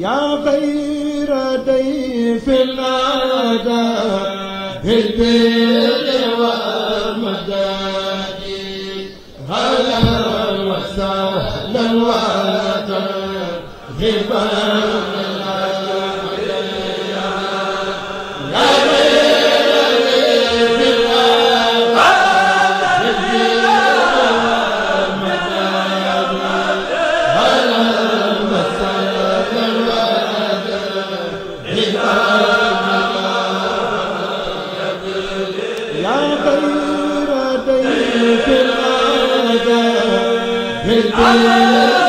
يا خير ضيف الأدى بالبر والمداد هلا وسهلا وترحبا من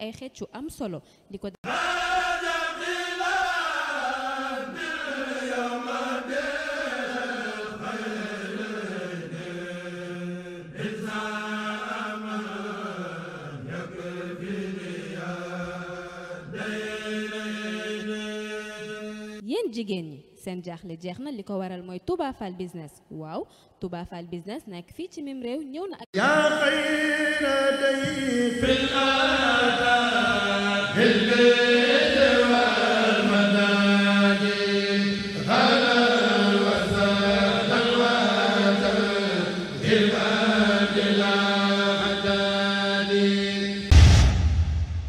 ay xeet yu am solo di ko yéen jigéen ñi seen jaaxle jeex na li ko waral mooy Touba Fall business waaw Touba Fall business nekk fii ci mim réew ñëw na ak